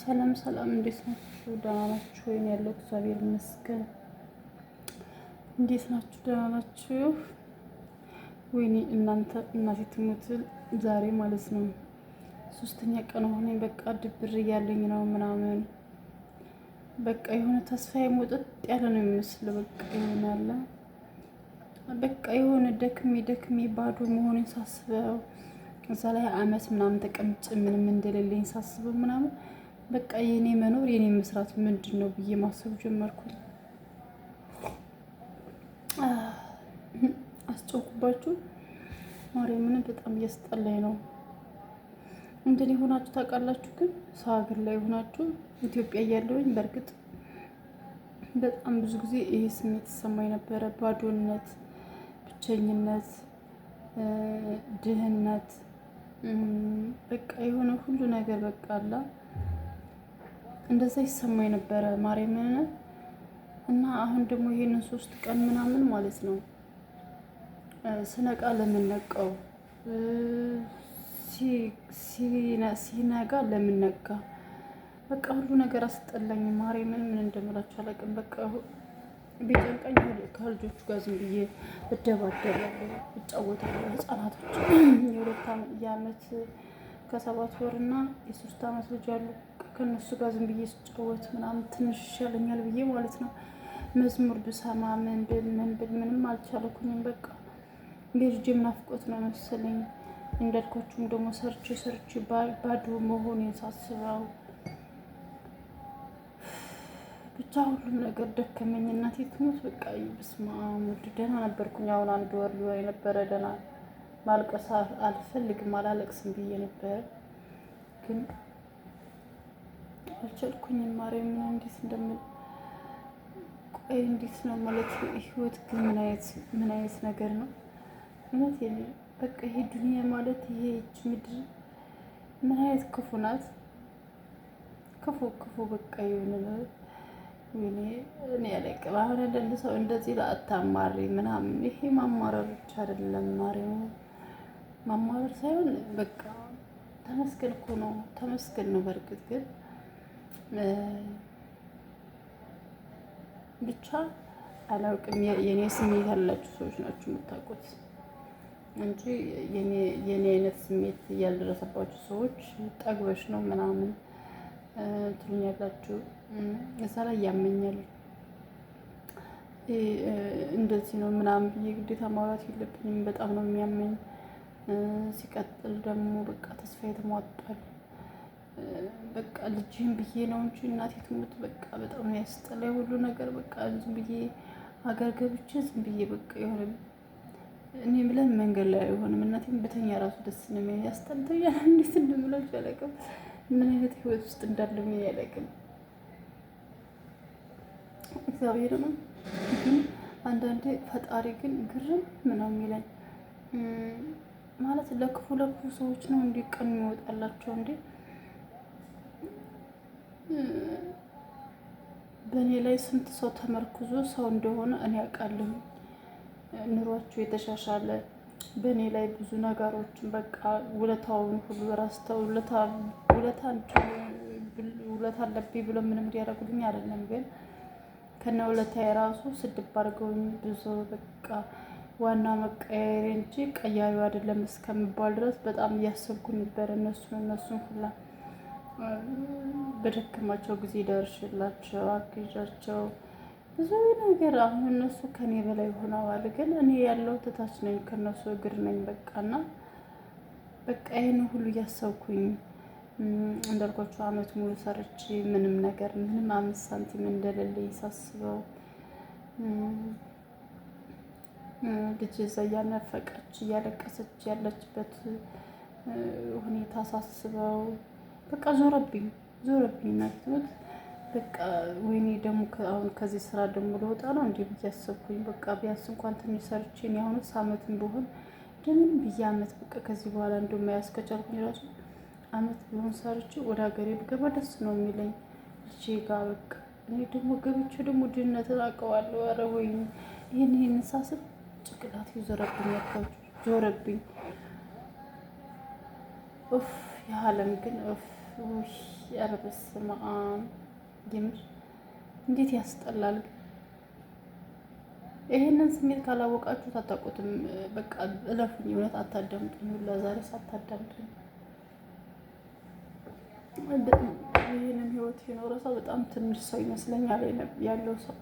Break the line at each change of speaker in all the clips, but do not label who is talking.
ሰላም ሰላም፣ እንዴት ናችሁ? ደህና ናችሁ ወይም ያለው? እግዚአብሔር ይመስገን። እንዴት ናችሁ? ደህና ናችሁ? ወይኔ እናንተ እናቴ ትሙት ዛሬ ማለት ነው ሶስተኛ ቀን ሆነኝ። በቃ ድብር እያለኝ ነው ምናምን በቃ የሆነ ተስፋ የመውጠጥ ያለ ነው የሚመስለው። በቃ ይሆናለ በቃ የሆነ ደክሜ ደክሜ ባዶ መሆኑን ሳስበው እዛ ላይ አመት ምናምን ተቀምጭ ምንም እንደሌለኝ ሳስበው ምናምን በቃ የኔ መኖር የኔ መስራት ምንድን ነው ብዬ ማሰብ ጀመርኩኝ። አስጨውኩባችሁ ማርያምን፣ በጣም እያስጠላኝ ነው። እንደኔ ሆናችሁ ታውቃላችሁ? ግን ሰው ሀገር ላይ ሆናችሁ ኢትዮጵያ እያለሁኝ በእርግጥ በጣም ብዙ ጊዜ ይሄ ስሜት ይሰማኝ ነበረ። ባዶነት፣ ብቸኝነት፣ ድህነት በቃ የሆነ ሁሉ ነገር በቃ አላ እንደዛ ይሰማኝ ነበረ ማርያምን። እና አሁን ደግሞ ይሄንን ሶስት ቀን ምናምን ማለት ነው ስነቃ ለምነቃው ሲነጋ ለምነጋ በቃ ሁሉ ነገር አስጠላኝ ማርያምን። ምን እንደምላችሁ አላውቅም። በቃ ቢጨንቀኝ ከልጆቹ ጋር ዝም ብዬ እደባደባለሁ፣ እጫወታለሁ። ህጻናቶች የሁለት የአመት ከሰባት ወር እና የሶስት ዓመት ልጅ አሉ ከእነሱ ጋር ዝም ብዬ ስጫወት ምናምን ትንሽ ይሻለኛል ብዬ ማለት ነው መዝሙር ብሰማ ምን ብል ምን ብል ምንም አልቻለኩኝም። በቃ የልጄም ናፍቆት ነው መሰለኝ። እንዳልኳችሁም ደግሞ ሰርች ሰርቼ ባዶ መሆን የሳስበው ብቻ ሁሉም ነገር ደከመኝ። እናቴ ትሞት በቃ ብስማ አብ ደህና ነበርኩኝ። አሁን አንድ ወር ሊሆን የነበረ ደህና ማልቀስ አልፈልግም አላለቅስም ብዬ ነበረ ግን አልቻልኩኝም። ማርያምን እንዴት እንደምል ቆይ እንዴት ነው ማለት ህይወት ግን ምን አይነት ነገር ነው? እውነት በቃ ይሄ ዱኒያ ማለት ይሄ እች ምድር ምን አይነት ክፉ ናት? ክፉ ክፉ በቃ የሆነ እኔ ያለቅም። አሁን አንዳንድ ሰው እንደዚህ ለአታማሪ ምናምን ይሄ ማማረር ብቻ አይደለም ማርያም ማማረር ሳይሆን በቃ ተመስገን እኮ ነው ተመስገን ነው። በእርግጥ ግን ብቻ አላውቅም። የኔ ስሜት ያላችሁ ሰዎች ናችሁ የምታውቁት እንጂ የኔ አይነት ስሜት ያልደረሰባችሁ ሰዎች ጠግበሽ ነው ምናምን ትሉኛላችሁ። እዛ ላይ ያመኛል እንደዚህ ነው ምናምን ብዬ ግዴታ ማውራት የለብኝም። በጣም ነው የሚያመኝ። ሲቀጥል ደግሞ በቃ ተስፋዬ ተሟጧል። በቃ ልጅህን ብዬ ነው እንጂ እናቴ ትሙት በቃ በጣም ያስጠላ ሁሉ ነገር በቃ ዝም ብዬ ሀገር ገብቼ ዝም ብዬ በቃ የሆነ እኔ ብለን መንገድ ላይ አይሆንም እናቴም ብተኛ ራሱ ደስ ነው የሚለኝ። ያስጠልተኛል። እንዴት እንደምላችሁ አላውቅም። ምን አይነት ህይወት ውስጥ እንዳለ ምን አላውቅም። እግዚአብሔር ነው ግን አንዳንዴ ፈጣሪ ግን ግርም ምናምን የሚለኝ ማለት ለክፉ ለክፉ ሰዎች ነው እንዲህ ቀን ይወጣላቸው እንዴ በእኔ ላይ ስንት ሰው ተመርክዞ ሰው እንደሆነ እኔ አውቃለሁ። ኑሯቸው የተሻሻለ በእኔ ላይ ብዙ ነገሮችን በቃ ውለታውን ሁሉ ረስተው ውለታ አለብኝ ብሎ ምንም ሊያደርጉልኝ አይደለም፣ ግን ከነ ውለታ የራሱ ስድብ አድርገውኝ ብዙ በቃ ዋና መቀየሬ እንጂ ቀያዩ አይደለም እስከሚባል ድረስ በጣም እያሰብኩ ነበር እነሱን እነሱን ሁላ በደከማቸው ጊዜ ደርሽላቸው፣ አግዣቸው ብዙ ነገር። አሁን እነሱ ከኔ በላይ ሆነዋል፣ ግን እኔ ያለው ትታች ነኝ፣ ከነሱ እግር ነኝ። በቃ እና በቃ ይህን ሁሉ እያሰብኩኝ እንዳልኳቸው አመት ሙሉ ሰርቼ ምንም ነገር ምንም አምስት ሳንቲም እንደሌለኝ ሳስበው ልጅ እዛ እያነፈቀች እያለቀሰች ያለችበት ሁኔታ ሳስበው በቃ ዞረብኝ ዞረብኝ ናትት በቃ ወይኔ ደግሞ አሁን ከዚህ ስራ ደግሞ ለወጣ ነው እንዲ ብዬ አሰብኩኝ። በቃ ቢያንስ እንኳን ትንሽ ሰርቼ እኔ አሁንስ አመትም ቢሆን እንደምን ብዬ አመት በቃ ከዚህ በኋላ እንደ ከቻልኩኝ ራሱ አመት ቢሆን ሰርቼ ወደ ሀገሬ ብገባ ደስ ነው የሚለኝ ልጄ ጋር በቃ እኔ ደግሞ ገብቼ ደግሞ ድህነት አውቀዋለሁ። ኧረ ወይኔ ይህን ይህን ሳስብ ጭቅላት ዞረብኝ ያካችሁ ዞረብኝ ኡፍ የዓለም ግን ኡፍ ኧረ በስመ አብ የምር እንዴት ያስጠላል። ይሄንን ስሜት ካላወቃችሁ አታውቁትም። በቃ እለፉኝ፣ እውነት አታዳምጡኝ። ሁላ ዛሬ ሳታዳምጡኝ ይህንን ህይወት የኖረ ሰው በጣም ትንሽ ሰው ይመስለኛል ያለው ሰው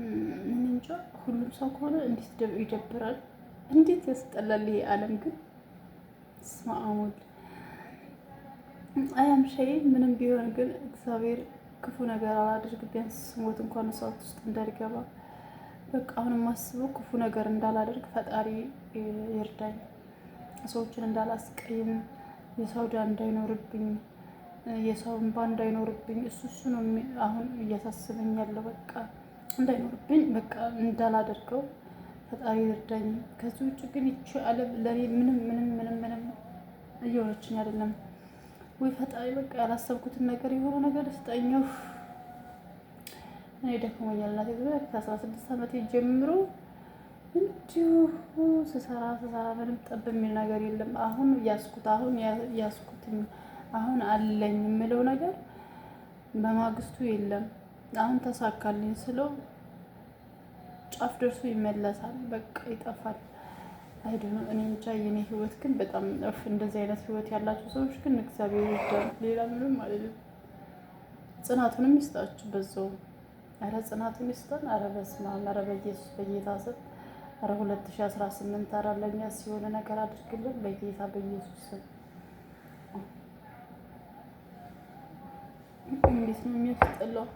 ምን እንጃ። ሁሉም ሰው ከሆነ እንዴት ይደብራል፣ እንዴት ያስጠላል። ይሄ አለም ግን ስማአሙል አያም ሸይ ምንም ቢሆን ግን እግዚአብሔር ክፉ ነገር አላደርግ፣ ቢያንስ ሞት እንኳን እሳት ውስጥ እንዳልገባ በቃ አሁን የማስበው ክፉ ነገር እንዳላደርግ ፈጣሪ ይርዳኝ፣ ሰዎችን እንዳላስቀይም፣ የሰው ዳ እንዳይኖርብኝ፣ የሰው እንባ እንዳይኖርብኝ፣ እሱ እሱ ነው አሁን እያሳስበኝ ያለው። በቃ እንዳይኖርብኝ በቃ እንዳላደርገው ፈጣሪ ይርዳኝ። ከዚህ ውጭ ግን ይቺ ዓለም ለእኔ ምንም ምንም ምንም ምንም እየሆነችኝ አይደለም። ወይ ፈጣሪ በቃ ያላሰብኩትን ነገር የሆነ ነገር ስጠኘው። እኔ ደክሞኛል እናቴ ከአስራ ስድስት ዓመት ጀምሮ እንዲሁ ስሰራ ስሰራ ምንም ጠብ የሚል ነገር የለም። አሁን ያስኩት አሁን ያስኩት አሁን አለኝ የምለው ነገር በማግስቱ የለም። አሁን ተሳካልኝ ስለው ጫፍ ደርሶ ይመለሳል፣ በቃ ይጠፋል። አይደለም እኔ እንጃ። የኔ ህይወት ግን በጣም እፍ እንደዚህ አይነት ህይወት ያላቸው ሰዎች ግን እግዚአብሔር ይወዳል። ሌላ ምንም አይደለም። ጽናቱንም ይስጣችሁ በዛው። አረ ጽናቱን ይስጠን። አረ በስመ አብ። አረ በኢየሱስ በጌታ ስም። አረ 2018 አረ ለእኛ ሲሆነ ነገር አድርግልን በጌታ በኢየሱስ ስም። እንዴት ነው የሚያስጠላው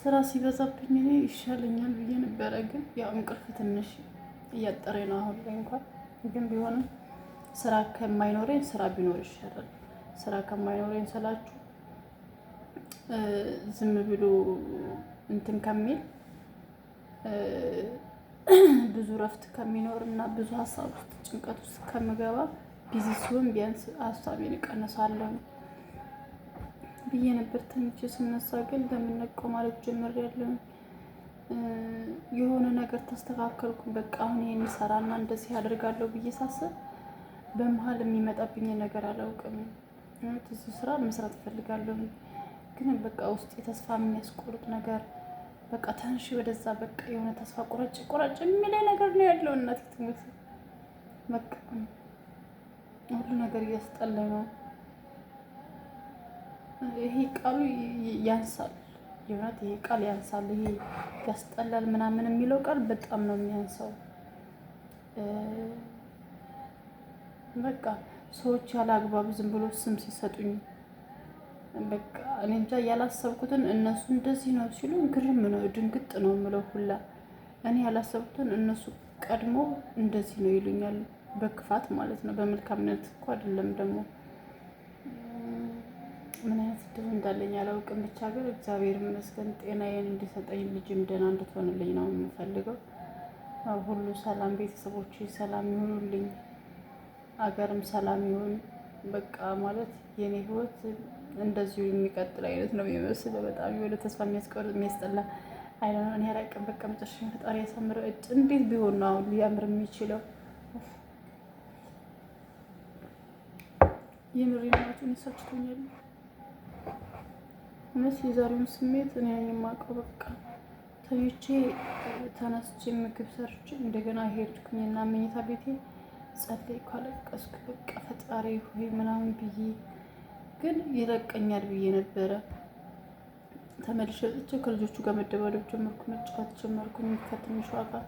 ስራ ሲበዛብኝ እኔ ይሻለኛል ብዬ ነበረ፣ ግን ያው እንቅልፍ ትንሽ እያጠረ ነው አሁን ላይ እንኳን ግን ቢሆንም ስራ ከማይኖረኝ ስራ ቢኖር ይሻላል። ስራ ከማይኖረኝ ስላችሁ ዝም ብሎ እንትን ከሚል ብዙ እረፍት ከሚኖር እና ብዙ ሀሳብ ውስጥ ጭንቀት ውስጥ ከምገባ ቢዚ ሲሆን ቢያንስ ሀሳቤን እቀንሳለሁ ብዬ ነበር። ተኝቼ ስነሳ ግን ለምን ነቀው ማለት ጀምሬያለሁ። የሆነ ነገር ተስተካከልኩ፣ በቃ አሁን ይሄን እሰራና እንደዚህ አደርጋለሁ ብዬ ሳስብ በመሀል የሚመጣብኝ ነገር አላውቅም። ብዙ ስራ መስራት እፈልጋለሁ፣ ግን በቃ ውስጥ የተስፋ የሚያስቆርጥ ነገር በቃ ተንሺ ወደዛ በቃ የሆነ ተስፋ ቁረጭ ቁረጭ የሚለኝ ነገር ነው ያለው። እናት ትሙት በቃ ሁሉ ነገር እያስጠላኝ ነው። ይሄ ቃሉ ያንሳል። የእውነት ይሄ ቃል ያንሳል፣ ይሄ ያስጠላል ምናምን የሚለው ቃል በጣም ነው የሚያንሰው። በቃ ሰዎች ያለ አግባብ ዝም ብሎ ስም ሲሰጡኝ በቃ እኔ እንጃ ያላሰብኩትን እነሱ እንደዚህ ነው ሲሉ ግርም ነው ድንግጥ ነው የምለው ሁላ እኔ ያላሰብኩትን እነሱ ቀድሞ እንደዚህ ነው ይሉኛል። በክፋት ማለት ነው፣ በመልካምነት እኮ አይደለም ደግሞ ምን አይነት እድል እንዳለኝ አላውቅም። ብቻ ግን እግዚአብሔር ይመስገን ጤናዬን እንዲሰጠኝ ልጅም ደህና እንድትሆንልኝ ነው የምፈልገው። ሁሉ ሰላም፣ ቤተሰቦች ሰላም ይሆኑልኝ፣ አገርም ሰላም ይሆን። በቃ ማለት የኔ ህይወት እንደዚሁ የሚቀጥል አይነት ነው የሚመስል በጣም የሆነ ተስፋ የሚያስቆርጥ የሚያስጠላ አይነን ያላቅም። በቃ መጨረሻ ፈጣሪ ያሳምረ። እጭ እንዴት ቢሆን ነው አሁን ሊያምር የሚችለው? የምር የማለቱን ሰብችቶኛል። እውነት የዛሬውን ስሜት እኔ የማውቀው በቃ ተይቼ ተነስቼ ምግብ ሰርቼ እንደገና ሄድኩኝ እና መኝታ ቤቴ ጸለይኩ፣ አለቀስኩ። በቃ ፈጣሪ ሆይ ምናምን ብዬ ግን ይለቀኛል ብዬ ነበረ። ተመልሼ ወጥቼ ከልጆቹ ጋር መደባደብ ጀመርኩ፣ መጫወት ጀመርኩ ከትንሿ ጋር።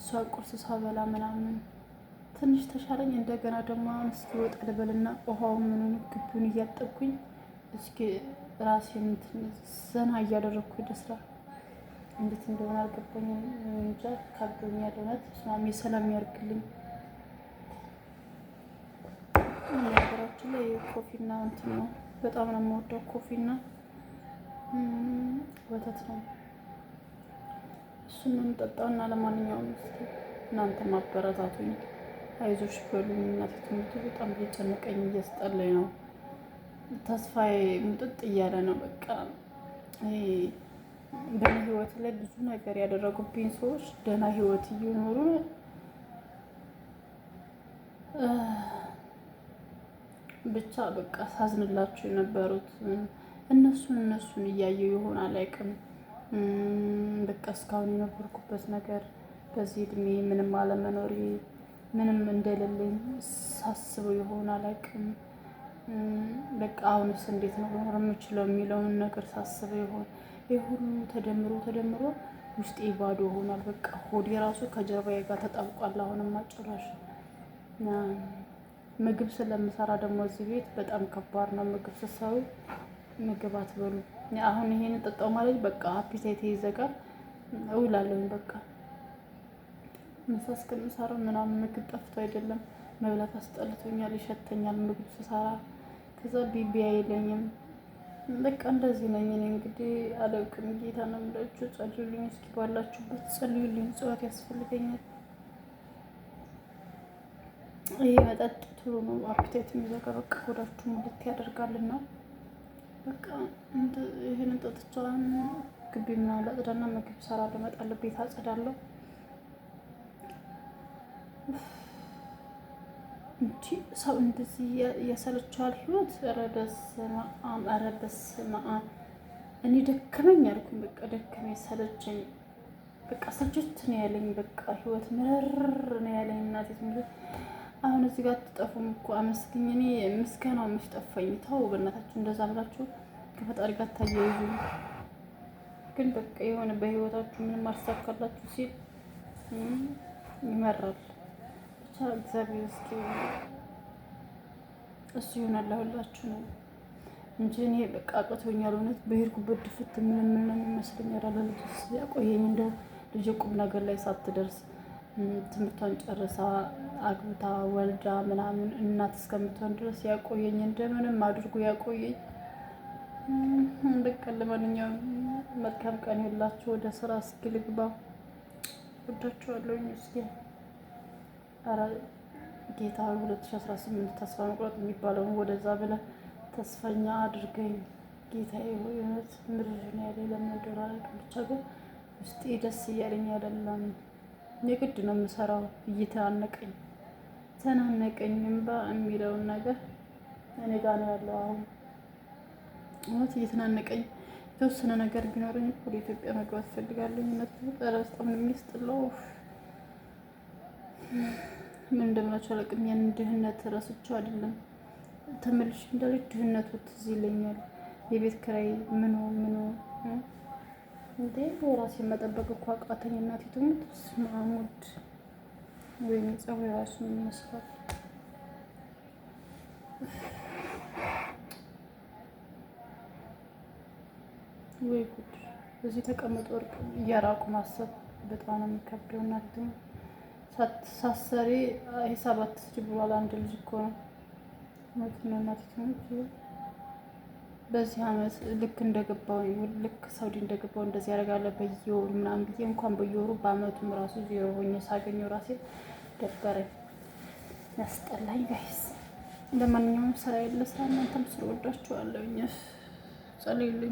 እሷ ቁርስ ሳበላ ምናምን ትንሽ ተሻለኝ። እንደገና ደግሞ አሁን እስኪ ወጣ ልበልና ውሃውን ምኑን ግቢውን እያጠብኩኝ እስኪ ራሴን ዘና እያደረግኩ ደስራ እንዴት እንደሆነ አልገባኝም። እንጃ ካብዶኛል። እውነት ስማሚ ሰላም ያርግልኝ። ሀገራችን ላይ ኮፊና እንትን ነው በጣም ነው የምወደው። ኮፊና ወተት ነው እሱን ነው የምጠጣው። እና ለማንኛውም እስኪ እናንተ ማበረታቱኝ፣ አይዞሽ በሉኝ። እናቴ ትምህርቱ በጣም እየጨነቀኝ እያስጠላኝ ነው። ተስፋዬ ምጥጥ እያለ ነው። በቃ በእኔ ህይወት ላይ ብዙ ነገር ያደረጉብኝ ሰዎች ደህና ህይወት እየኖሩ ብቻ በቃ ሳዝንላቸው የነበሩት እነሱን እነሱን እያየው ይሆናል አይቅም በቃ እስካሁን የነበርኩበት ነገር በዚህ እድሜ ምንም አለመኖሬ ምንም እንደሌለኝ ሳስበው ይሆናል አይቅም በቃ አሁንስ እንዴት ነው መኖር የምችለው የሚለውን ነገር ሳስበ ይሆን ይህ ሁሉ ተደምሮ ተደምሮ ውስጤ ባዶ ሆኗል። በቃ ሆዴ ራሱ ከጀርባዬ ጋር ተጣብቋል። አሁንም አጭራሽ ምግብ ስለምሰራ ደግሞ እዚህ ቤት በጣም ከባድ ነው። ምግብ ስሰሩ ምግብ አትበሉ። አሁን ይሄን ጠጣው ማለት በቃ አፒታይት ይዘጋል። እውላለሁኝ በቃ ምሳ እስከምሰራ ምናምን ምግብ ጠፍቶ አይደለም መብላት አስጠልቶኛል፣ ይሸተኛል ምግብ ስሰራ ከዛ ቢቢ አይለኝም። በቃ እንደዚህ ነኝ እኔ እንግዲህ አለቅም። ጌታ ነው የምላችሁ። ጸልዩልኝ፣ እስኪ ባላችሁበት ጸልዩልኝ። ጽዋት ያስፈልገኛል። ይህ መጠጥ ጥሩ ነው፣ አፒታይት የሚዘጋ በቃ ሆዳችሁ ሙልት ያደርጋልና በቃ ይህን ጠጥቻን ግቢ ምናምን ላጽዳና ምግብ ሰራ ልመጣለሁ፣ ቤት አጸዳለሁ። እንጂ ሰው እንደዚህ ያሰለችዋል ህይወት። ኧረ በስመ አብ፣ ኧረ በስመ አብ። እኔ ደከመኝ አልኩኝ፣ በቃ ደከመኝ፣ ሰለቸኝ፣ በቃ ሰልችት ነው ያለኝ፣ በቃ ህይወት ምርር ነው ያለኝ። እናቴት አሁን እዚህ ጋር አትጠፉም እኮ አመስግኝ። እኔ ምስጋናው ጠፋኝ? ተው በእናታችሁ፣ እንደዛ ብላችሁ ከፈጣሪ ጋር ታያይዙ። ግን በቃ የሆነ በህይወታችሁ ምንም አልሳካላችሁ ሲል ይመራል እግዚአብሔር እስኪ እሱ ይሆናል ሁላችሁ ነው እንጂ እኔ በቃ አቅቶኛል። እውነት በሄድኩበት ድፍት ልጅ ያቆየኝ ልጅ ቁም ነገር ላይ ሳትደርስ ትምህርቷን ጨርሳ አግብታ ወልዳ ምናምን እናት እስከምትሆን ድረስ ያቆየኝ እንደምንም አድርጎ ያቆየኝ። በቃ ለማንኛውም መልካም ቀን ይሁንላችሁ። ወደ ስራ እስኪ ልግባ። ወዳችኋለሁ። እስኪ ጌታ 2018 ተስፋ መቁረጥ የሚባለውን ወደዛ ብለ ተስፈኛ አድርገኝ ጌታዬ ሆይ እውነት ምድርን ያለ ለመደራረቅ ብቻ ግን ውስጤ ደስ እያለኝ አይደለም። የግድ ነው የምሰራው እየተናነቀኝ ተናነቀኝም ባ የሚለውን ነገር እኔ ጋር ነው ያለው አሁን እውነት እየተናነቀኝ የተወሰነ ነገር ቢኖረኝ ወደ ኢትዮጵያ መግባት ፈልጋለኝ እውነት ኧረ በጣም ነው ምን እንደምላችሁ አላውቅም። ያን ድህነት ረስቸው አይደለም ተመልሽ እንዳለች ድህነቱ ትዝ ይለኛል። የቤት ኪራይ ምኖ ምኖ እንዴ የራሴን መጠበቅ እኮ አቃተኝ። እናቴ ትሙት ማሙድ ወይም ጸጉር የራሱ ይመስላል። ወይ ጉድ! እዚህ ተቀምጦ እያራቁ ማሰብ በጣም ነው የሚከብደው። እናቴ ትሙት ሳሰሪ ሂሳብ አትስጭ ብሏል። አንድ ልጅ እኮ ነው ነው በዚህ አመት ልክ እንደገባው ልክ ሳውዲ እንደገባው እንደዚህ በየወሩ ምናምን ብዬ እንኳን በየወሩ በአመቱም ራሱ ዜሮ ሆኜ ሳገኘው ራሴ ደበረኝ፣ ያስጠላኝ ጋይስ። ለማንኛውም ስራ የለ ስራ እናንተም ጸልዩልኝ።